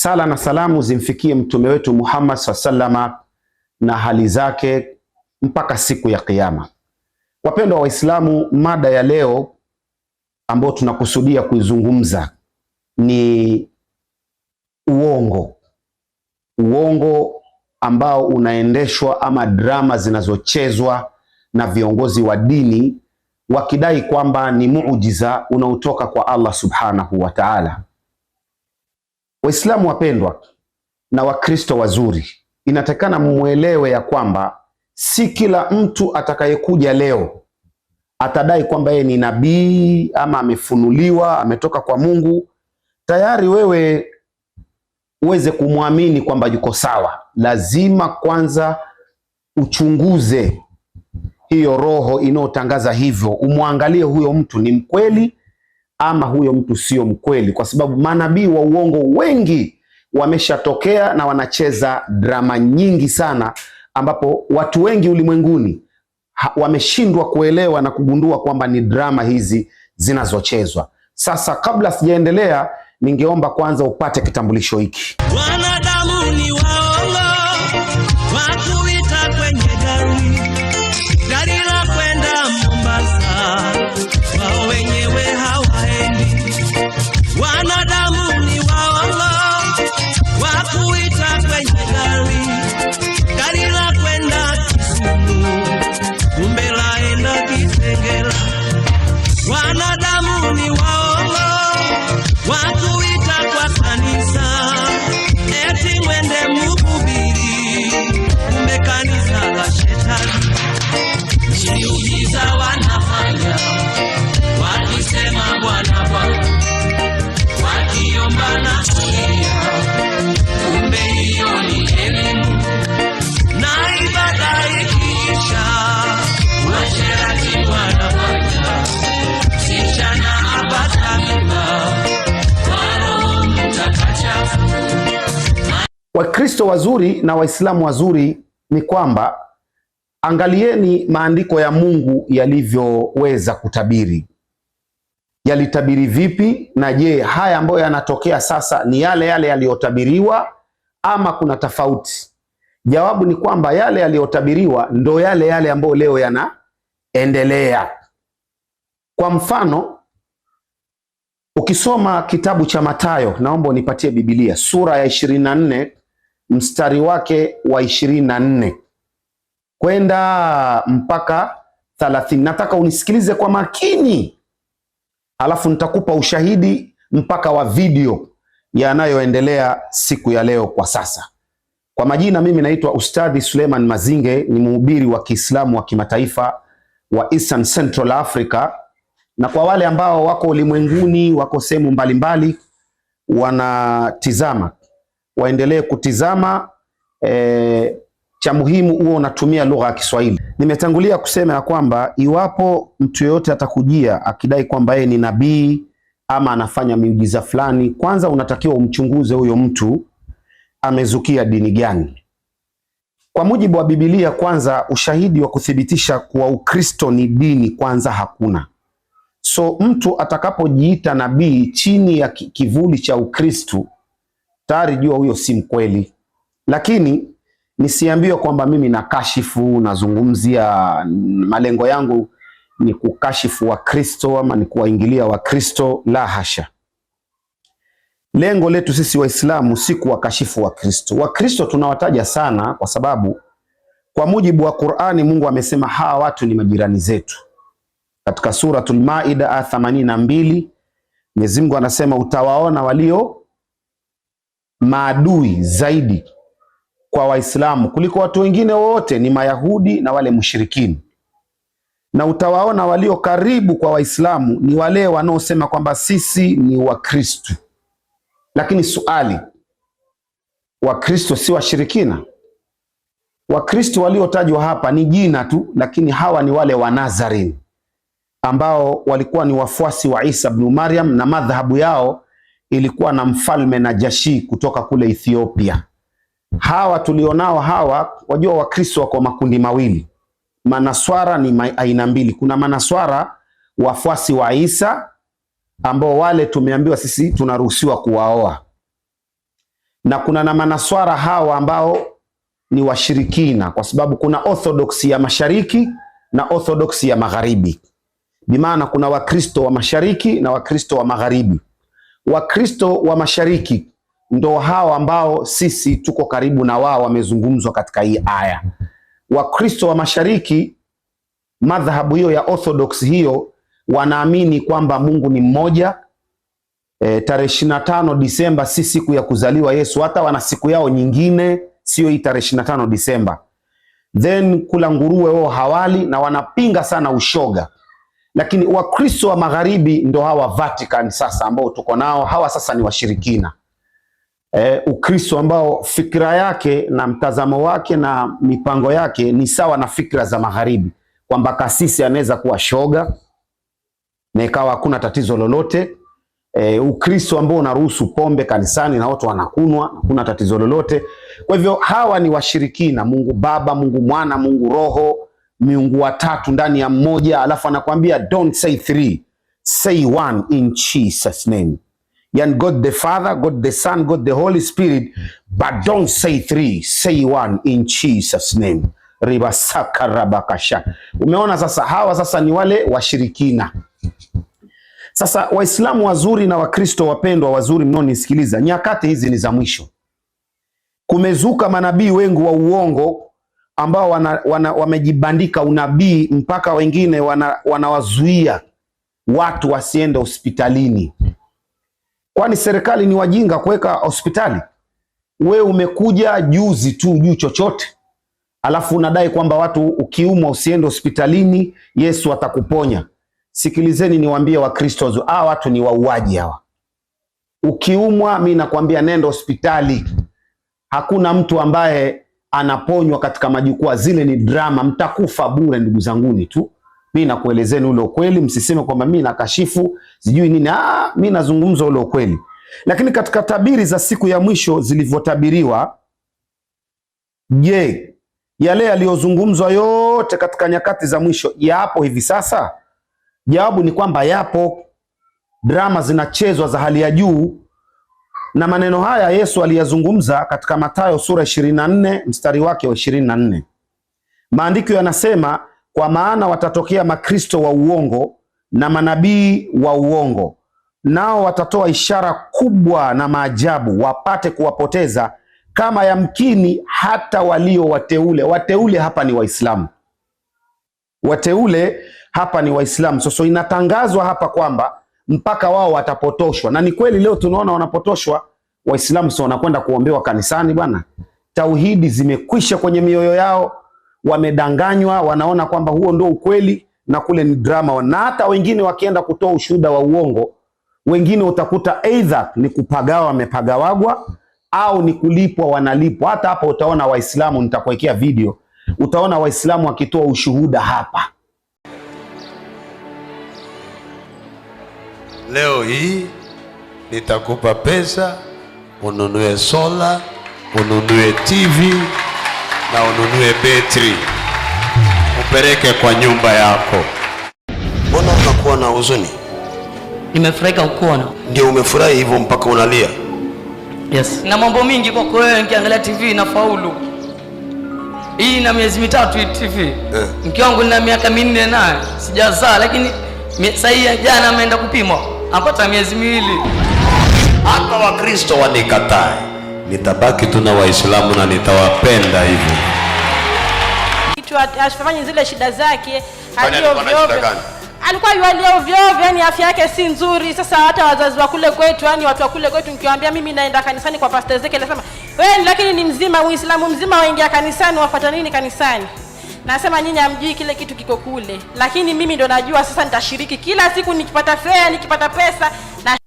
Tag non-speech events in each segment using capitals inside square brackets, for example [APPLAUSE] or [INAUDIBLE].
Sala na salamu zimfikie mtume wetu Muhammad sallama na hali zake mpaka siku ya Kiyama. Wapendwa Waislamu, mada ya leo ambayo tunakusudia kuizungumza ni uongo, uongo ambao unaendeshwa ama drama zinazochezwa na viongozi wa dini wakidai kwamba ni muujiza unaotoka kwa Allah subhanahu wa ta'ala. Waislamu wapendwa na Wakristo wazuri, inatakana mwelewe ya kwamba si kila mtu atakayekuja leo atadai kwamba yeye ni nabii ama amefunuliwa, ametoka kwa Mungu. Tayari wewe uweze kumwamini kwamba yuko sawa, lazima kwanza uchunguze hiyo roho inayotangaza hivyo, umwangalie huyo mtu ni mkweli ama huyo mtu sio mkweli, kwa sababu manabii wa uongo wengi wameshatokea na wanacheza drama nyingi sana, ambapo watu wengi ulimwenguni wameshindwa kuelewa na kugundua kwamba ni drama hizi zinazochezwa. Sasa kabla sijaendelea, ningeomba kwanza upate kitambulisho hiki. Wakristo wazuri na Waislamu wazuri ni kwamba angalieni maandiko ya Mungu yalivyoweza kutabiri. Yalitabiri vipi? Na je, haya ambayo yanatokea sasa ni yale yale yaliyotabiriwa ama kuna tofauti? Jawabu ni kwamba yale yaliyotabiriwa ndo yale yale ambayo leo yanaendelea. Kwa mfano, ukisoma kitabu cha Mathayo, naomba unipatie Biblia sura ya 24 mstari wake wa ishirini na nne kwenda mpaka thalathini. Nataka unisikilize kwa makini, alafu nitakupa ushahidi mpaka wa video yanayoendelea siku ya leo kwa sasa. Kwa majina, mimi naitwa Ustadhi Suleiman Mazinge, ni mhubiri wa Kiislamu wa kimataifa wa Eastern Central Africa, na kwa wale ambao wako ulimwenguni, wako sehemu mbalimbali wanatizama waendelee kutizama e, cha muhimu huo unatumia lugha ya Kiswahili. Nimetangulia kusema ya kwamba iwapo mtu yoyote atakujia akidai kwamba yeye ni nabii ama anafanya miujiza fulani, kwanza unatakiwa umchunguze huyo mtu amezukia dini gani. Kwa mujibu wa Biblia, kwanza ushahidi wa kuthibitisha kuwa Ukristo ni dini kwanza hakuna. So mtu atakapojiita nabii chini ya kivuli cha Ukristo tayari jua huyo si mkweli. Lakini nisiambiwe kwamba mimi nakashifu, nazungumzia, malengo yangu ni kukashifu Wakristo ama ni kuwaingilia Wakristo, la hasha. Lengo letu sisi Waislamu si kuwakashifu Wakristo. Wakristo tunawataja sana kwa sababu kwa mujibu wa Qur'ani, Mungu amesema hawa watu ni majirani zetu. Katika Suratul Maida 82 Mwenyezi Mungu anasema utawaona walio maadui zaidi kwa Waislamu kuliko watu wengine wote ni Mayahudi na wale mushirikini, na utawaona walio karibu kwa Waislamu ni wale wanaosema kwamba sisi ni Wakristu. Lakini suali, Wakristo si washirikina? Wakristo waliotajwa hapa ni jina tu, lakini hawa ni wale Wanazarini ambao walikuwa ni wafuasi wa Isa bnu Maryam na madhahabu yao ilikuwa na mfalme na jashi kutoka kule Ethiopia. Hawa tulionao hawa, wajua Wakristo wako makundi mawili. Manaswara ni aina mbili, kuna manaswara wafuasi wa Isa ambao wale tumeambiwa sisi tunaruhusiwa kuwaoa, na kuna na manaswara hawa ambao ni washirikina, kwa sababu kuna orthodoksi ya mashariki na orthodoksi ya magharibi. Bimaana kuna Wakristo wa mashariki na Wakristo wa magharibi. Wakristo wa Mashariki ndo hao ambao sisi tuko karibu na wao, wamezungumzwa katika hii aya. Wakristo wa Mashariki, madhahabu hiyo ya Orthodox hiyo, wanaamini kwamba Mungu ni mmoja. E, tarehe ishirini na tano Disemba si siku ya kuzaliwa Yesu, hata wana siku yao nyingine, sio hii tarehe ishirini na tano Disemba. Then kula nguruwe wao hawali na wanapinga sana ushoga. Lakini Wakristo wa magharibi ndo hawa Vatican sasa ambao tuko nao, hawa sasa ni washirikina. E, Ukristo ambao fikra yake na mtazamo wake na mipango yake ni sawa na fikra za magharibi, kwamba kasisi anaweza kuwa shoga na ikawa hakuna tatizo lolote. E, Ukristo ambao unaruhusu pombe kanisani na watu wanakunwa, hakuna tatizo lolote. Kwa hivyo hawa ni washirikina, Mungu Baba, Mungu Mwana, Mungu Roho miungu watatu ndani ya mmoja, alafu anakuambia don't say three, say one in Jesus name. Yani God the Father, God the Son, God the Holy Spirit, but don't say three, say one in Jesus name. ribasaka rabakasha. Umeona sasa, hawa sasa ni wale washirikina. Sasa Waislamu wazuri na Wakristo wapendwa wazuri mnaonisikiliza, nyakati hizi ni za mwisho. Kumezuka manabii wengi wa uongo ambao wana, wana, wamejibandika unabii mpaka wengine wanawazuia wana watu wasiende hospitalini. Kwani serikali ni wajinga kuweka hospitali? Wewe umekuja juzi tu juu chochote, alafu unadai kwamba watu ukiumwa usiende hospitalini, Yesu atakuponya. Sikilizeni niwaambie Wakristo, hawa watu ni wauaji hawa. Ukiumwa mi nakwambia nenda hospitali. Hakuna mtu ambaye anaponywa katika majukwaa, zile ni drama. Mtakufa bure ndugu zanguni tu. Mi nakuelezeni ule ukweli, msiseme kwamba mi nakashifu sijui nini. Ah, mi nazungumza ule ukweli. Lakini katika tabiri za siku ya mwisho zilivyotabiriwa, je, yale yaliyozungumzwa yote katika nyakati za mwisho yapo hivi sasa? Jawabu ni kwamba yapo. Drama zinachezwa za hali ya juu na maneno haya Yesu aliyazungumza katika Mathayo sura 24 mstari wake wa 24. Maandiko yanasema, kwa maana watatokea makristo wa uongo na manabii wa uongo, nao watatoa ishara kubwa na maajabu, wapate kuwapoteza kama yamkini hata walio wateule. Wateule hapa ni Waislamu, wateule hapa ni Waislamu. Soso inatangazwa hapa kwamba mpaka wao watapotoshwa. Na ni kweli leo tunaona wanapotoshwa Waislamu, sio wanakwenda kuombewa kanisani bwana. Tauhidi zimekwisha kwenye mioyo yao, wamedanganywa, wanaona kwamba huo ndio ukweli na kule ni drama. Na hata wengine wakienda kutoa ushuhuda wa uongo, wengine utakuta aidha ni kupagawa, wamepagawagwa au ni kulipwa, wanalipwa. Hata hapa utaona Waislamu, nitakuwekea video, utaona Waislamu wakitoa ushuhuda hapa leo hii nitakupa pesa ununue sola, ununue TV na ununue betri upeleke kwa nyumba yako. Mbona unakuwa na huzuni? Nimefurahika kukuona. Ndio umefurahi hivyo mpaka unalia? Yes. Na mambo mingi kwa kweli, nikiangalia TV na faulu hii na miezi mitatu hii TV eh. Mke wangu nina miaka minne naye sijazaa, lakini sahii jana ameenda kupimwa apata miezi miwili. Hata Wakristo wanikatae, nitabaki tu na Waislamu na nitawapenda hivyo. Kitu asifanye zile shida zake, alikuwa yualia ovyo yani afya yake si nzuri. Sasa hata wazazi wa kule kwetu, yani watu wa kule kwetu, nikiwaambia mimi naenda kanisani kwa Pastor Ezekiel, anasema wewe, lakini ni mzima, Muislamu mzima waingia kanisani, wafuata nini kanisani? Nasema nyinyi hamjui kile kitu kiko kule, lakini mimi ndo najua. Sasa nitashiriki kila siku nikipata fea, nikipata pesa na...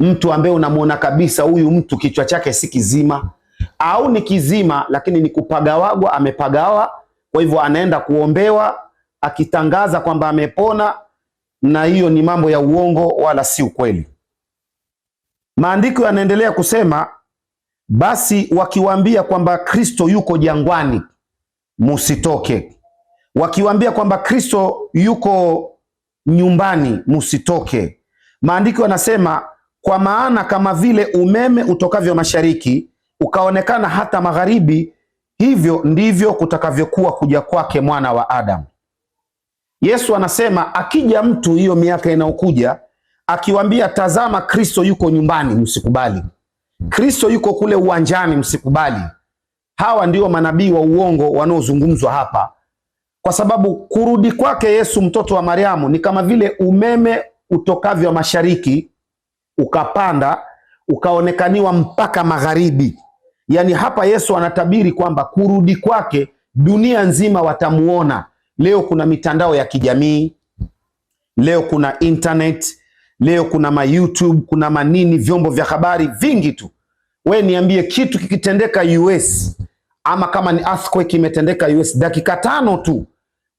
mtu ambaye unamwona kabisa huyu mtu kichwa chake si kizima au ni kizima, lakini ni kupagawagwa, amepagawa. Kwa hivyo anaenda kuombewa akitangaza kwamba amepona, na hiyo ni mambo ya uongo, wala si ukweli. Maandiko yanaendelea kusema, basi wakiwaambia kwamba Kristo yuko jangwani, musitoke wakiwaambia kwamba Kristo yuko nyumbani, musitoke. Maandiko yanasema kwa maana kama vile umeme utokavyo mashariki ukaonekana hata magharibi, hivyo ndivyo kutakavyokuwa kuja kwake mwana wa Adamu. Yesu anasema akija mtu hiyo miaka inayokuja akiwambia tazama Kristo yuko nyumbani, msikubali. Kristo yuko kule uwanjani, msikubali. Hawa ndio manabii wa uongo wanaozungumzwa hapa, kwa sababu kurudi kwake Yesu mtoto wa Mariamu ni kama vile umeme utokavyo mashariki ukapanda ukaonekaniwa mpaka magharibi. Yaani hapa Yesu anatabiri kwamba kurudi kwake dunia nzima watamuona. Leo kuna mitandao ya kijamii, leo kuna internet, leo kuna ma YouTube, kuna manini, vyombo vya habari vingi tu. We niambie kitu kikitendeka US ama kama ni earthquake imetendeka US, dakika tano tu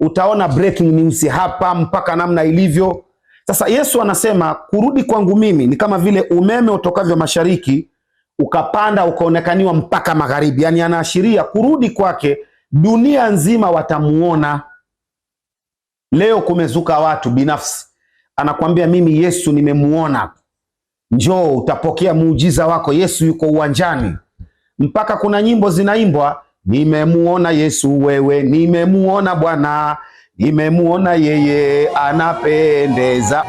utaona breaking news hapa mpaka namna ilivyo sasa. Yesu anasema kurudi kwangu mimi ni kama vile umeme utokavyo mashariki ukapanda ukaonekaniwa mpaka magharibi, yaani anaashiria kurudi kwake dunia nzima watamuona. Leo kumezuka watu binafsi, anakuambia mimi Yesu nimemuona, njoo utapokea muujiza wako, Yesu yuko uwanjani. Mpaka kuna nyimbo zinaimbwa Nimemuona Yesu wewe, nimemuona Bwana, nimemuona yeye anapendeza.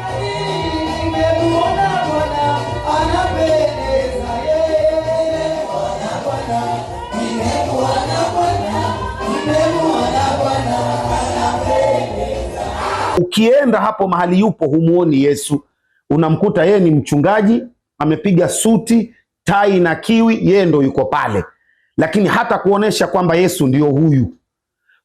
Ukienda hapo mahali yupo, humuoni Yesu, unamkuta yeye ni mchungaji, amepiga suti, tai na kiwi, yeye ndo yuko pale lakini hata kuonesha kwamba Yesu ndiyo huyu.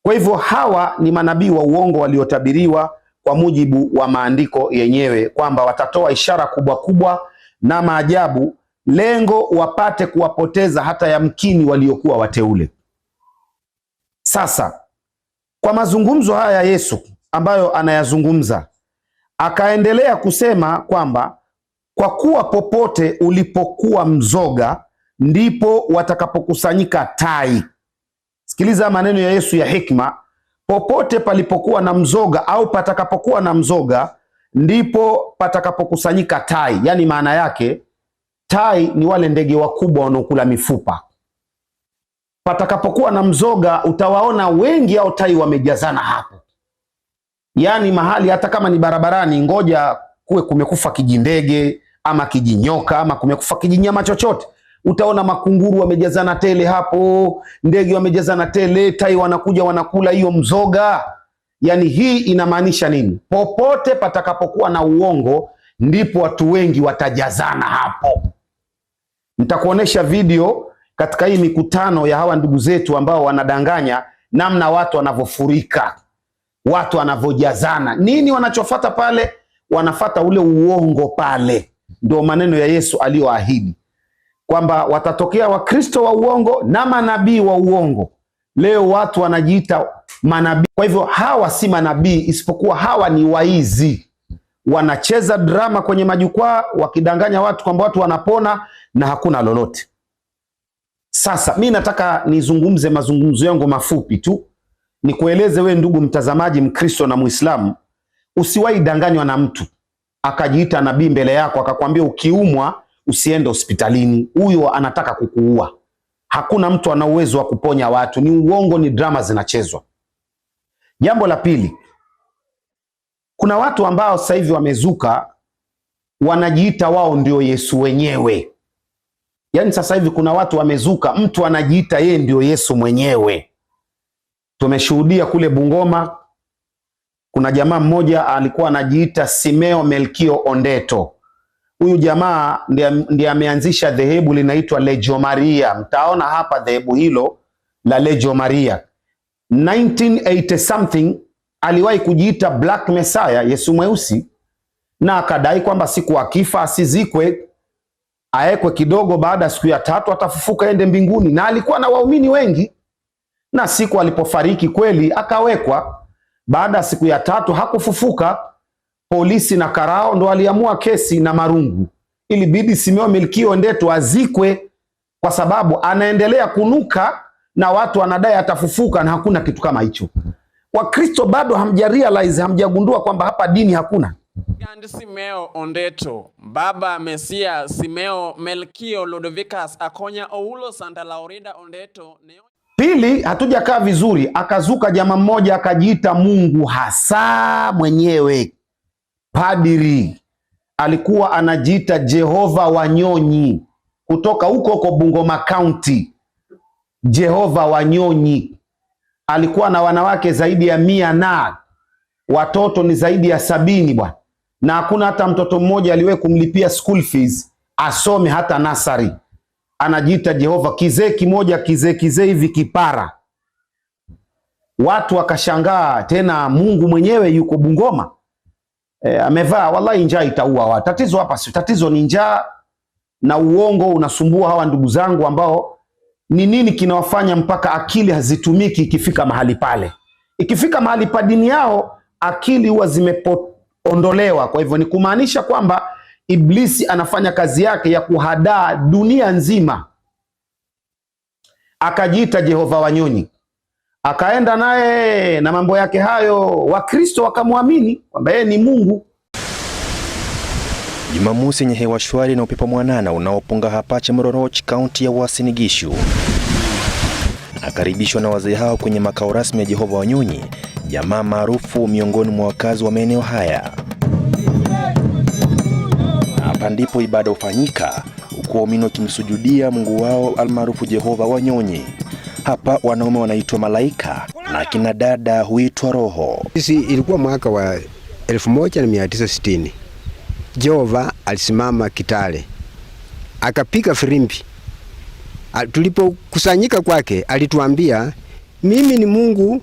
Kwa hivyo hawa ni manabii wa uongo waliotabiriwa kwa mujibu wa maandiko yenyewe kwamba watatoa ishara kubwa kubwa na maajabu, lengo wapate kuwapoteza hata yamkini waliokuwa wateule. Sasa kwa mazungumzo haya ya Yesu ambayo anayazungumza, akaendelea kusema kwamba kwa kuwa popote ulipokuwa mzoga ndipo watakapokusanyika tai. Sikiliza maneno ya Yesu ya hikma: popote palipokuwa na mzoga au patakapokuwa na mzoga ndipo patakapokusanyika tai. Yaani maana yake tai ni wale ndege wakubwa wanaokula mifupa. Patakapokuwa na mzoga utawaona wengi, au tai wamejazana hapo. Yaani mahali hata kama ni barabarani, ngoja kuwe kumekufa kijindege ama kijinyoka ama kumekufa kijinyama chochote Utaona makunguru wamejazana tele hapo, ndege wamejazana tele, tai wanakuja wanakula hiyo mzoga. yani hii inamaanisha nini? Popote patakapokuwa na uongo, ndipo watu wengi watajazana hapo. Nitakuonesha video katika hii mikutano ya hawa ndugu zetu ambao wanadanganya, namna watu wanavyofurika, watu wanavyojazana. Nini wanachofata pale? Wanafata ule uongo pale, ndio maneno ya Yesu aliyoahidi kwamba watatokea Wakristo wa uongo na manabii wa uongo. Leo watu wanajiita manabii, kwa hivyo hawa si manabii, isipokuwa hawa ni waizi. Wanacheza drama kwenye majukwaa, wakidanganya watu kwamba watu wanapona na hakuna lolote. Sasa mi nataka nizungumze, mazungumzo yangu mafupi tu nikueleze we ndugu mtazamaji, Mkristo na Mwislamu, usiwahi danganywa na mtu akajiita nabii mbele yako akakwambia ukiumwa usiende hospitalini, huyo anataka kukuua. Hakuna mtu ana uwezo wa kuponya watu, ni uongo, ni drama zinachezwa. Jambo la pili, kuna watu ambao sasa hivi wamezuka, wanajiita wao ndio Yesu wenyewe. Yaani sasa hivi kuna watu wamezuka, mtu anajiita yeye ndio Yesu mwenyewe. Tumeshuhudia kule Bungoma, kuna jamaa mmoja alikuwa anajiita Simeo Melkio Ondeto Huyu jamaa ndiye ameanzisha dhehebu linaitwa Legio Maria. Mtaona hapa dhehebu hilo la Legio Maria 1980 something aliwahi kujiita Black Messiah, Yesu mweusi, na akadai kwamba siku akifa asizikwe, aekwe kidogo, baada ya siku ya tatu atafufuka ende mbinguni, na alikuwa na waumini wengi. Na siku alipofariki kweli akawekwa, baada ya siku ya tatu hakufufuka polisi na Karao ndo aliamua kesi na Marungu, ili Bibi Simeo melkio Ndeto azikwe, kwa sababu anaendelea kunuka na watu wanadai atafufuka, na hakuna kitu kama hicho. Wakristo bado hamja realize, hamjagundua kwamba hapa dini hakuna Gandhi Simeo Ondeto baba Mesia Simeo Melkio Ludovicus Akonya Oulo Santa Laurida Ondeto Pili, hatujakaa vizuri, akazuka jamaa mmoja akajiita Mungu hasa mwenyewe padiri alikuwa anajiita Jehova Wanyonyi kutoka huko huko Bungoma County. Jehova Wanyonyi alikuwa na wanawake zaidi ya mia na watoto ni zaidi ya sabini bwana, na hakuna hata mtoto mmoja aliwahi kumlipia school fees asome hata nasari. Anajiita Jehova. Kizee kimoja kizee kizee hivi kipara, watu wakashangaa, tena Mungu mwenyewe yuko Bungoma e, amevaa wallahi, njaa itaua watu. Tatizo hapa sio tatizo, ni njaa na uongo unasumbua hawa ndugu zangu, ambao ni nini kinawafanya mpaka akili hazitumiki ikifika mahali pale, ikifika mahali pa dini yao akili huwa zimeondolewa. Kwa hivyo ni kumaanisha kwamba Iblisi anafanya kazi yake ya kuhadaa dunia nzima, akajiita Jehova wanyonyi akaenda naye na mambo yake hayo, Wakristo wakamwamini kwamba yeye ni Mungu. Jumamosi yenye hewa shwari na upepo mwanana unaopunga hapa Chamororoch, kaunti ya Uasin Gishu, akaribishwa na wazee hao kwenye makao rasmi ya Jehova Wanyonyi, jamaa maarufu miongoni mwa wakazi wa maeneo haya. Hapa ndipo ibada hufanyika, huku waumini wakimsujudia Mungu wao almaarufu Jehova Wanyonyi. Hapa wanaume wanaitwa malaika na kina dada huitwa roho. Sisi ilikuwa mwaka wa 1960 Jehova alisimama Kitale akapiga firimbi. Tulipokusanyika kwake alituambia, mimi ni Mungu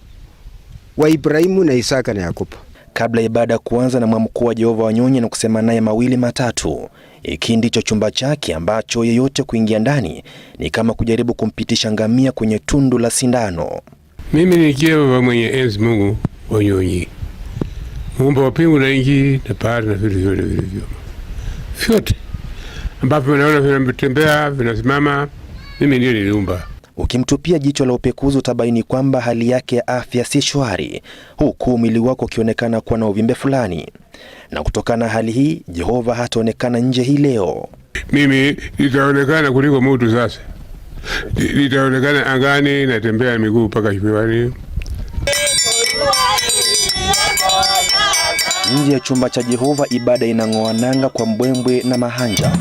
wa Ibrahimu na Isaka na Yakobo. Kabla ibada kuanza, na mwamkuu wa Jehova wanyonye na kusema naye mawili matatu. Hiki e, ndicho chumba chake ambacho yeyote kuingia ndani ni kama kujaribu kumpitisha ngamia kwenye tundu la sindano. Mimi nikiwa wa enzi Mungu wanyonyi, muumba wa pingu na nchi na bahari na vitu vyote vilivyo vyote ambavyo naona vinatembea vinasimama, mimi ndiye niliumba. Ukimtupia jicho la upekuzi utabaini kwamba hali yake ya afya si shwari, huku mwili wako ukionekana kuwa na uvimbe fulani. Na kutokana na hali hii, Jehova hataonekana nje hii leo. Mimi nitaonekana kuliko mutu. Sasa nitaonekana angani, natembea miguu mpaka shimewani. Nje ya chumba cha Jehova ibada inang'oa nanga kwa mbwembwe na mahanja.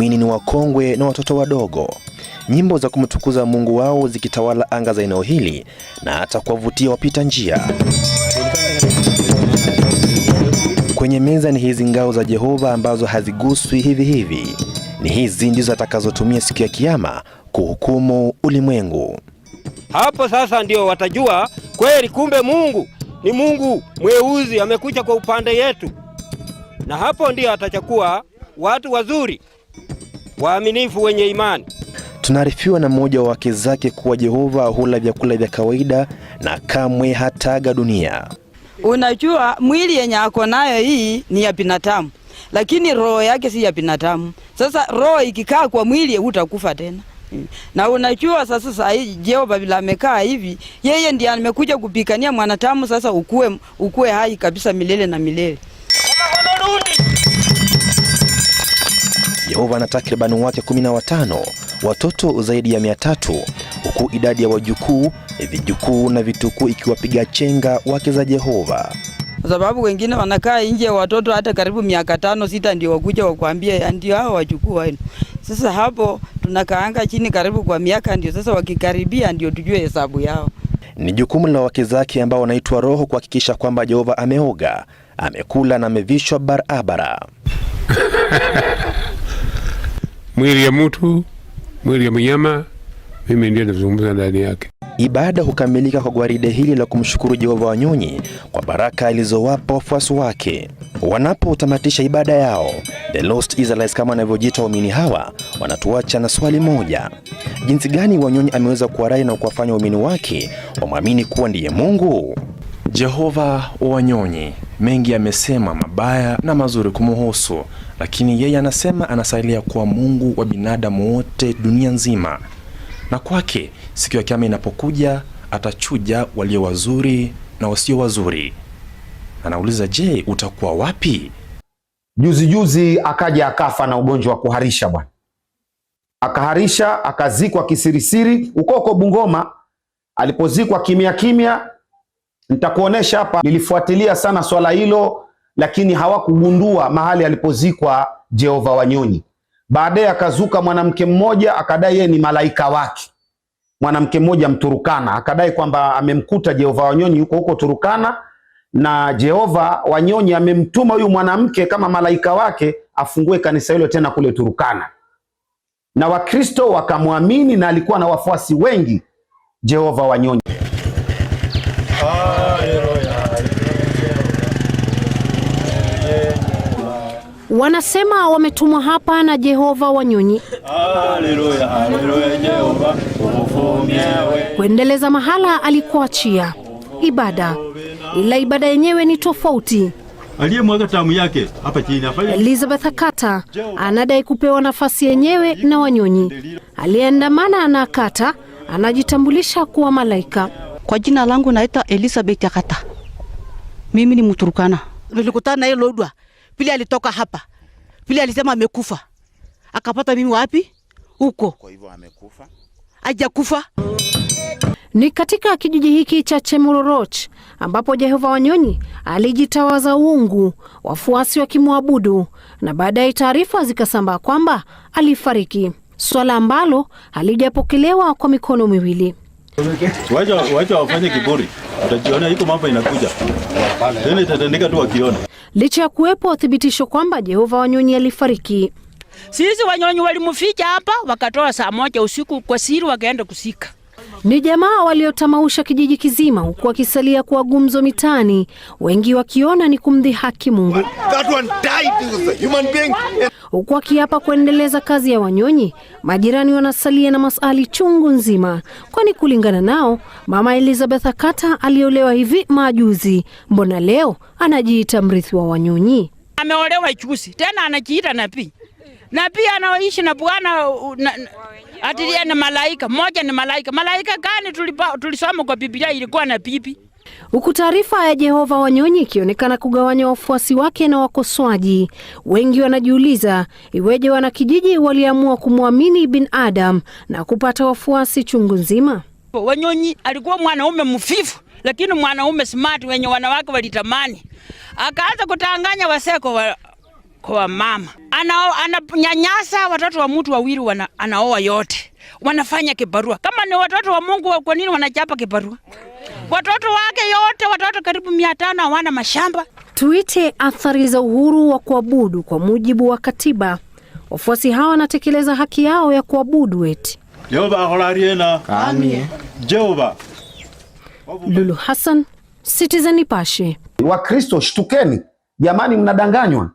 waumini ni wakongwe na watoto wadogo, nyimbo za kumtukuza Mungu wao zikitawala anga za eneo hili na hata kuwavutia wapita njia. Kwenye meza ni hizi ngao za Jehova ambazo haziguswi hivi hivi. Ni hizi ndizo atakazotumia siku ya Kiyama kuhukumu ulimwengu. Hapo sasa ndio watajua kweli, kumbe Mungu ni Mungu mweuzi, amekuja kwa upande yetu, na hapo ndio atachakua watu wazuri waaminifu wenye imani. Tunaarifiwa na mmoja wa wake zake kuwa Jehova hula vyakula vya kawaida na kamwe hataga dunia. Unajua, mwili yenye ako nayo hii ni ya binadamu, lakini roho yake si ya binadamu. Sasa roho ikikaa kwa mwili hutakufa tena. Na unajua sasa saa hii Jehova vile amekaa hivi, yeye ndiye amekuja kupigania mwanadamu sasa ukue, ukue hai kabisa milele na milele. Yehova ana takriban wake 15, watoto zaidi ya mia tatu, huku idadi ya wajukuu, vijukuu na vitukuu ikiwapiga chenga wake za Jehova, kwa sababu wengine wanakaa nje watoto hata karibu miaka tano sita, ndio wakuja wakuambia ndio hao wajukuu wenu. Sasa hapo tunakaanga chini karibu kwa miaka, ndio sasa wakikaribia ndio tujue hesabu yao. Ni jukumu la wake zake ambao wanaitwa roho kuhakikisha kwamba Jehova ameoga, amekula na amevishwa barabara [LAUGHS] mwili ya mtu, mwili ya mnyama, mimi ndiye nazungumza ndani yake. Ibada hukamilika kwa gwaride hili la kumshukuru Jehova Wanyonyi kwa baraka alizowapa wafuasi wake. Wanapotamatisha ibada yao, The Lost Israelites kama wanavyojiita waumini hawa, wanatuacha na swali moja: jinsi gani Wanyonyi ameweza kuwarai na kuwafanya waumini wake wamwamini kuwa ndiye Mungu? Jehova Wanyonyi mengi amesema mabaya na mazuri kumuhusu lakini yeye anasema anasalia kuwa Mungu wa binadamu wote dunia nzima, na kwake siku ya kiama inapokuja atachuja walio wazuri na wasio wazuri. Anauliza, je, utakuwa wapi? Juzi juzi akaja akafa na ugonjwa wa kuharisha bwana, akaharisha akazikwa kisirisiri huko huko Bungoma. Alipozikwa kimya kimya, nitakuonesha hapa. Nilifuatilia sana swala hilo lakini hawakugundua mahali alipozikwa Jehova Wanyonyi. Baadaye akazuka mwanamke mmoja akadai yeye ni malaika wake, mwanamke mmoja Mturukana akadai kwamba amemkuta Jehova Wanyonyi huko huko Turukana, na Jehova Wanyonyi amemtuma huyu mwanamke kama malaika wake afungue kanisa hilo tena kule Turukana, na Wakristo wakamwamini na alikuwa na wafuasi wengi Jehova Wanyonyi. Wanasema wametumwa hapa na Jehova Wanyonyi Jehova, kuendeleza mahala alikoachia ibada, ila ibada yenyewe ni tofauti. Aliyemwaga tamu yake hapa chini afanye. Elizabeth Akata anadai kupewa nafasi yenyewe na Wanyonyi. Aliyeandamana na Akata anajitambulisha kuwa malaika. Kwa jina langu naita Elizabeth Akata, mimi ni Muturukana, Nilikutana na yeye Pili alitoka hapa. Pili alisema amekufa. Akapata mimi wapi? Huko. Kwa hivyo amekufa. Hajakufa. Ni katika kijiji hiki cha Chemuroroch ambapo Jehova Wanyonyi alijitawaza uungu, wafuasi wakimwabudu, na baadaye taarifa zikasambaa kwamba alifariki, swala ambalo halijapokelewa kwa mikono miwili. Wacha wacha wafanye kiburi, utajiona iko mambo inakuja tena, itatendeka tu wakiona. Licha ya kuwepo uthibitisho kwamba Jehova Wanyonyi alifariki, sisi Wanyonyi walimuficha hapa, wakatoa saa moja usiku kwa siri, wakaenda kusika ni jamaa waliotamausha kijiji kizima huku wakisalia kuwa gumzo mitaani, wengi wakiona ni kumdhihaki Mungu, huku wakiapa kuendeleza kazi ya wanyonyi. Majirani wanasalia na masali chungu nzima, kwani kulingana nao Mama Elizabeth Akata aliolewa hivi majuzi, mbona leo anajiita mrithi wa wanyonyi? Ameolewa Ichusi, tena anajiita nabii, nabii anaoishi na bwana na, na, ati yeye ni malaika, moja, ni malaika. Malaika gani? Tulipa, tulisoma kwa Biblia ilikuwa na pipi Huku taarifa ya Jehova Wanyonyi ikionekana kugawanya wafuasi wake na wakosoaji, wengi wanajiuliza iweje wanakijiji waliamua kumwamini bin Adam na kupata wafuasi chungu nzima. Wanyonyi alikuwa mwanaume mfifu, lakini mwanaume smart wenye wanawake walitamani, akaanza kutanganya waseko wa kwa mama ananyanyasa ana, watoto wa mtu wawili wana, anaoa yote wanafanya kibarua. Kama ni watoto wa Mungu, kwa nini wanachapa kibarua? Watoto wake yote, watoto karibu mia tano hawana mashamba. Tuite athari za uhuru wa kuabudu kwa mujibu wa katiba. Wafuasi hawa wanatekeleza haki yao ya kuabudu eti Jehova holariena Amen. Jehova Lulu Hassan, Citizen Nipashe. Wakristo shtukeni jamani, mnadanganywa.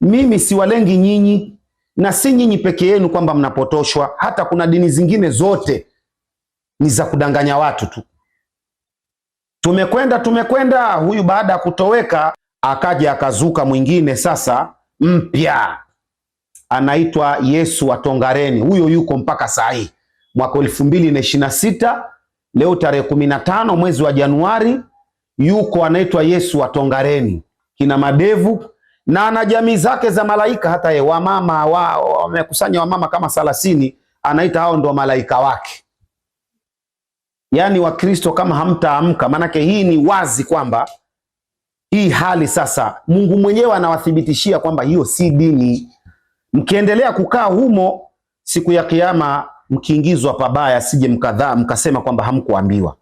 Mimi siwalengi nyinyi na si nyinyi peke yenu kwamba mnapotoshwa, hata kuna dini zingine zote ni za kudanganya watu tu. Tumekwenda tumekwenda, huyu baada ya kutoweka akaja akazuka mwingine sasa mpya, anaitwa Yesu wa Tongareni. Huyo yuko mpaka saa hii mwaka elfu mbili na ishirini na sita leo tarehe kumi na tano mwezi wa Januari, yuko anaitwa Yesu wa Tongareni, kina madevu na na jamii zake za malaika. Hata ye wamama wamekusanya wa, wamama kama thelathini, anaita hao ndo malaika wake. Yaani Wakristo kama hamtaamka, maanake hii ni wazi kwamba hii hali sasa, Mungu mwenyewe anawathibitishia kwamba hiyo si dini. Mkiendelea kukaa humo, siku ya Kiama mkiingizwa pabaya, sije mkadhaa mkasema kwamba hamkuambiwa.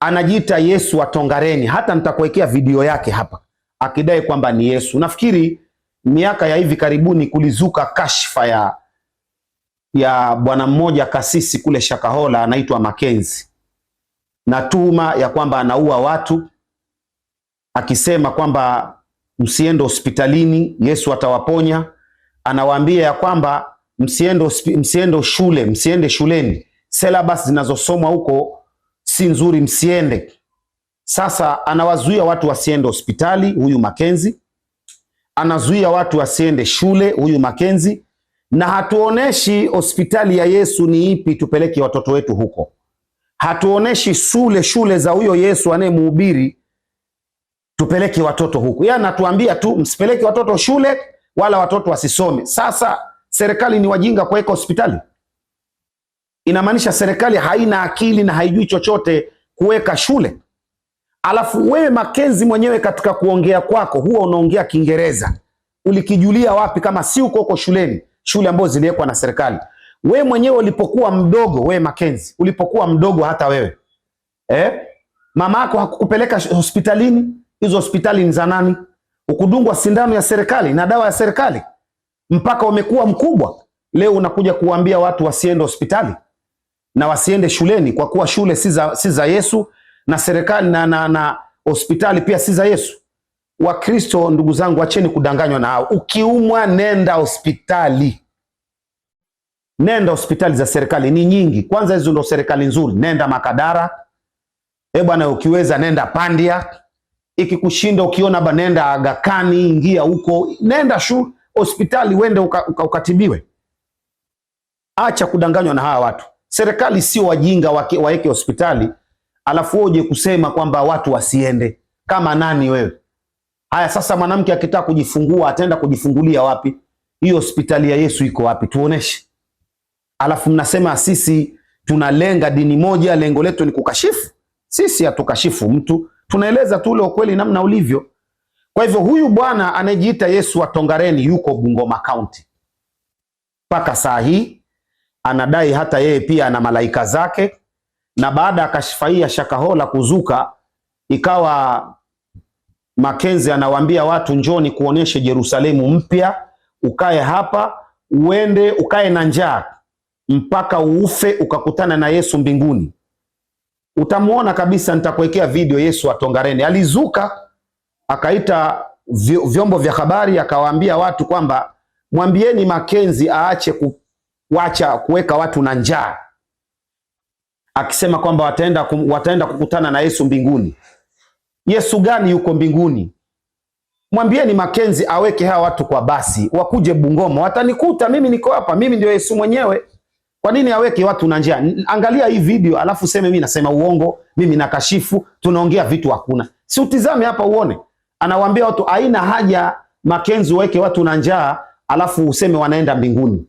Anajiita Yesu wa Tongareni, hata nitakuwekea video yake hapa akidai kwamba ni Yesu. Nafikiri miaka ya hivi karibuni kulizuka kashfa ya ya bwana mmoja kasisi kule Shakahola anaitwa Makenzi, na tuhuma ya kwamba anaua watu akisema kwamba msiende hospitalini, Yesu atawaponya. Anawaambia ya kwamba msiende msiende shule, msiende shuleni, selabas zinazosomwa huko si nzuri, msiende. Sasa anawazuia watu wasiende hospitali, huyu Makenzi anazuia watu wasiende shule, huyu Makenzi, na hatuoneshi hospitali ya Yesu ni ipi tupeleke watoto wetu huko. Hatuoneshi shule shule za huyo Yesu anayemhubiri tupeleke watoto huko. Yeye yaani anatuambia tu msipeleke watoto shule wala watoto wasisome. Sasa serikali ni wajinga kuweka hospitali? Inamaanisha serikali haina akili na haijui chochote kuweka shule alafu wewe Makenzi mwenyewe katika kuongea kwako huwa unaongea Kiingereza, ulikijulia wapi kama si uko huko shuleni, shule ambazo ziliwekwa na serikali? Wewe mwenyewe ulipokuwa mdogo, wewe Makenzi ulipokuwa mdogo, hata wewe eh, mama yako hakukupeleka hospitalini? Hizo hospitali ni za nani? Ukudungwa sindano ya serikali na dawa ya serikali mpaka umekuwa mkubwa. Leo unakuja kuambia watu wasiende hospitali na wasiende shuleni, kwa kuwa shule si za Yesu na serikali na, na, na hospitali pia si za Yesu. Wakristo ndugu zangu, acheni kudanganywa na hao. Ukiumwa nenda hospitali, nenda hospitali za serikali, ni nyingi. Kwanza hizo ndo serikali nzuri, nenda Makadara e bwana, ukiweza nenda Pandia. Ikikushinda ukiona ba, nenda Agakani, ingia huko, nenda shu hospitali uende uka, uka, ukatibiwe. Acha kudanganywa na hawa watu. Serikali sio wajinga, waweke hospitali alafu uje kusema kwamba watu wasiende. Kama nani wewe? Haya, sasa mwanamke akitaka kujifungua ataenda kujifungulia wapi? Hiyo hospitali ya Yesu iko wapi? Tuoneshe. Alafu mnasema sisi tunalenga dini moja, lengo letu ni kukashifu. Sisi hatukashifu mtu, tunaeleza tu ule ukweli namna ulivyo. Kwa hivyo huyu bwana anayejiita Yesu wa Tongareni yuko Bungoma County mpaka saa hii, anadai hata yeye pia ana malaika zake na baada ya kashfa hii ya Shakahola kuzuka, ikawa Makenzi anawaambia watu njoni, kuoneshe Yerusalemu mpya, ukae hapa, uende ukae na njaa mpaka uufe, ukakutana na Yesu mbinguni. Utamuona kabisa, nitakuwekea video Yesu atongareni. Alizuka akaita vyombo vya habari, akawaambia watu kwamba mwambieni Makenzi aache kuacha kuweka watu na njaa akisema kwamba wataenda, wataenda kukutana na Yesu mbinguni. Yesu gani yuko mbinguni? Mwambieni Makenzi aweke hawa watu kwa basi wakuje Bungoma, watanikuta mimi niko hapa, mimi ndio Yesu mwenyewe. Kwa nini aweke watu na njia? Angalia hii video alafu seme mimi nasema uongo, mimi nakashifu, tunaongea vitu hakuna. Si utizame hapa uone, anawaambia watu haina haja Makenzi waweke watu na njaa alafu useme wanaenda mbinguni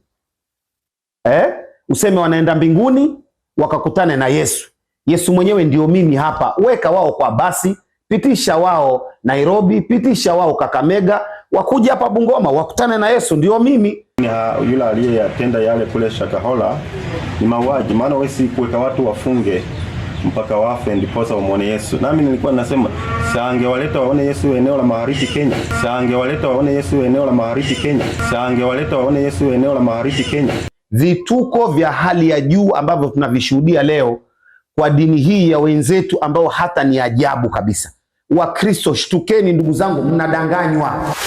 eh? useme wanaenda mbinguni wakakutane na Yesu. Yesu mwenyewe ndio mimi hapa, weka wao kwa basi, pitisha wao Nairobi, pitisha wao Kakamega, wakuja hapa Bungoma wakutane na Yesu, ndio mimi. Yule aliyeyatenda yale kule Shakahola ni mauaji, maana wewe si kuweka watu wafunge mpaka wafe ndiposa wamwone Yesu. Nami nilikuwa ninasema saangewaleta waone Yesu eneo la magharibi Kenya, saangewaleta waone Yesu eneo la magharibi Kenya, saangewaleta waone Yesu eneo la magharibi Kenya vituko vya hali ya juu ambavyo tunavishuhudia leo kwa dini hii ya wenzetu, ambao hata ni ajabu kabisa. Wakristo shtukeni, ndugu zangu, mnadanganywa.